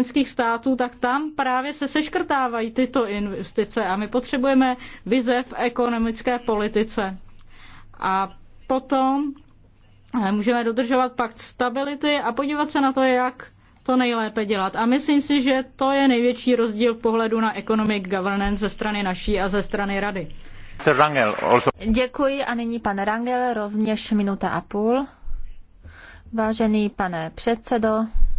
členských států, tak tam právě se seškrtávají tyto investice a my potřebujeme vize v ekonomické politice. A potom eh, můžeme dodržovat pakt stability a podívat se na to, jak to nejlépe dělat. A myslím si, že to je největší rozdíl v pohledu na economic governance ze strany naší a ze strany rady. Děkuji a nyní pan Rangel, rovněž minuta a půl. Vážený pane předsedo,